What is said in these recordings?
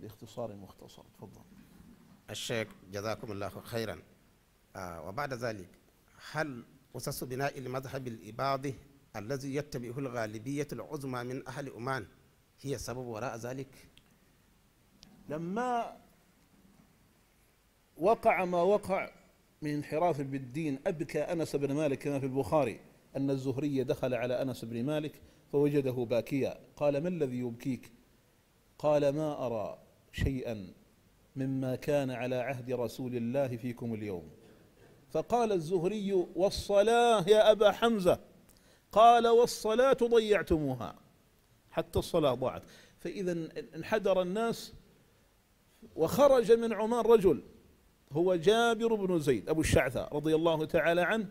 باختصار مختصر تفضل الشيخ جزاكم الله خيرا آه وبعد ذلك هل أسس بناء المذهب الإباضي الذي يتبعه الغالبية العظمى من أهل أمان هي سبب وراء ذلك لما وقع ما وقع من انحراف بالدين أبكى أنس بن مالك كما في البخاري أن الزهري دخل على أنس بن مالك فوجده باكيا قال ما الذي يبكيك قال ما أرى شيئا مما كان على عهد رسول الله فيكم اليوم فقال الزهري والصلاه يا ابا حمزه قال والصلاه ضيعتموها حتى الصلاه ضاعت فاذا انحدر الناس وخرج من عمان رجل هو جابر بن زيد ابو الشعثه رضي الله تعالى عنه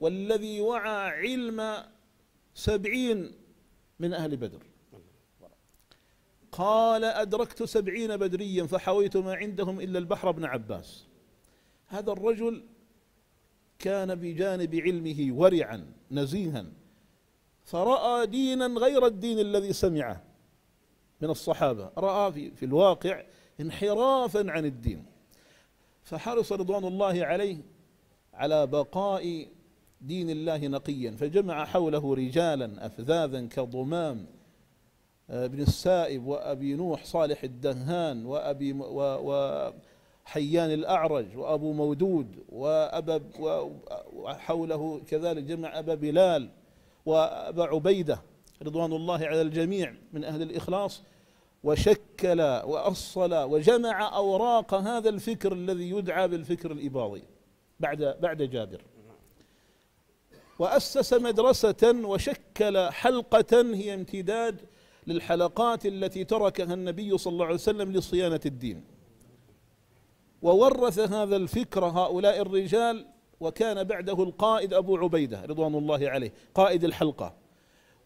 والذي وعى علم سبعين من اهل بدر قال أدركت سبعين بدريا فحويت ما عندهم إلا البحر بن عباس هذا الرجل كان بجانب علمه ورعا نزيها فرأى دينا غير الدين الذي سمعه من الصحابة رأى في, في الواقع انحرافا عن الدين فحرص رضوان الله عليه على بقاء دين الله نقيا فجمع حوله رجالا أفذاذا كضمام بن السائب وأبي نوح صالح الدهان وأبي وحيان الأعرج وأبو مودود وأبا وحوله كذلك جمع أبا بلال وأبا عبيدة رضوان الله على الجميع من أهل الإخلاص وشكل وأصل وجمع أوراق هذا الفكر الذي يدعى بالفكر الإباضي بعد بعد جابر وأسس مدرسة وشكل حلقة هي امتداد للحلقات التي تركها النبي صلى الله عليه وسلم لصيانة الدين وورث هذا الفكر هؤلاء الرجال وكان بعده القائد أبو عبيدة رضوان الله عليه قائد الحلقة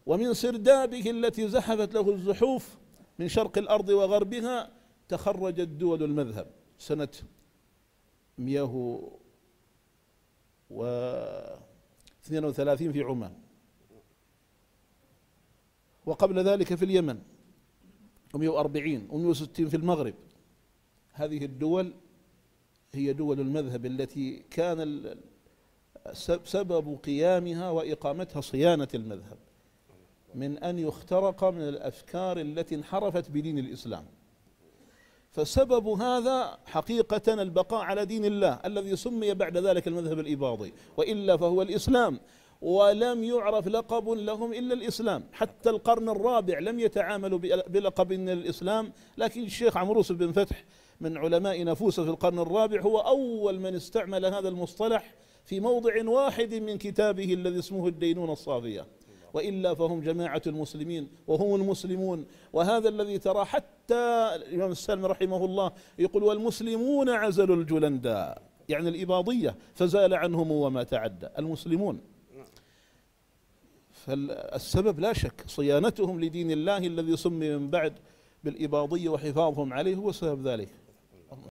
ومن سردابه التي زحفت له الزحوف من شرق الأرض وغربها تخرجت دول المذهب سنة 132 في عمان وقبل ذلك في اليمن و140 و160 في المغرب هذه الدول هي دول المذهب التي كان سبب قيامها وإقامتها صيانة المذهب من أن يخترق من الأفكار التي انحرفت بدين الإسلام فسبب هذا حقيقة البقاء على دين الله الذي سمي بعد ذلك المذهب الإباضي وإلا فهو الإسلام ولم يعرف لقب لهم إلا الإسلام حتى القرن الرابع لم يتعاملوا بلقب الإسلام لكن الشيخ عمروس بن فتح من علماء نفوس في القرن الرابع هو أول من استعمل هذا المصطلح في موضع واحد من كتابه الذي اسمه الدينونة الصافية وإلا فهم جماعة المسلمين وهم المسلمون وهذا الذي ترى حتى الإمام السلم رحمه الله يقول والمسلمون عزلوا الجلندا يعني الإباضية فزال عنهم وما تعدى المسلمون فالسبب لا شك صيانتهم لدين الله الذي سمي من بعد بالإباضية وحفاظهم عليه هو سبب ذلك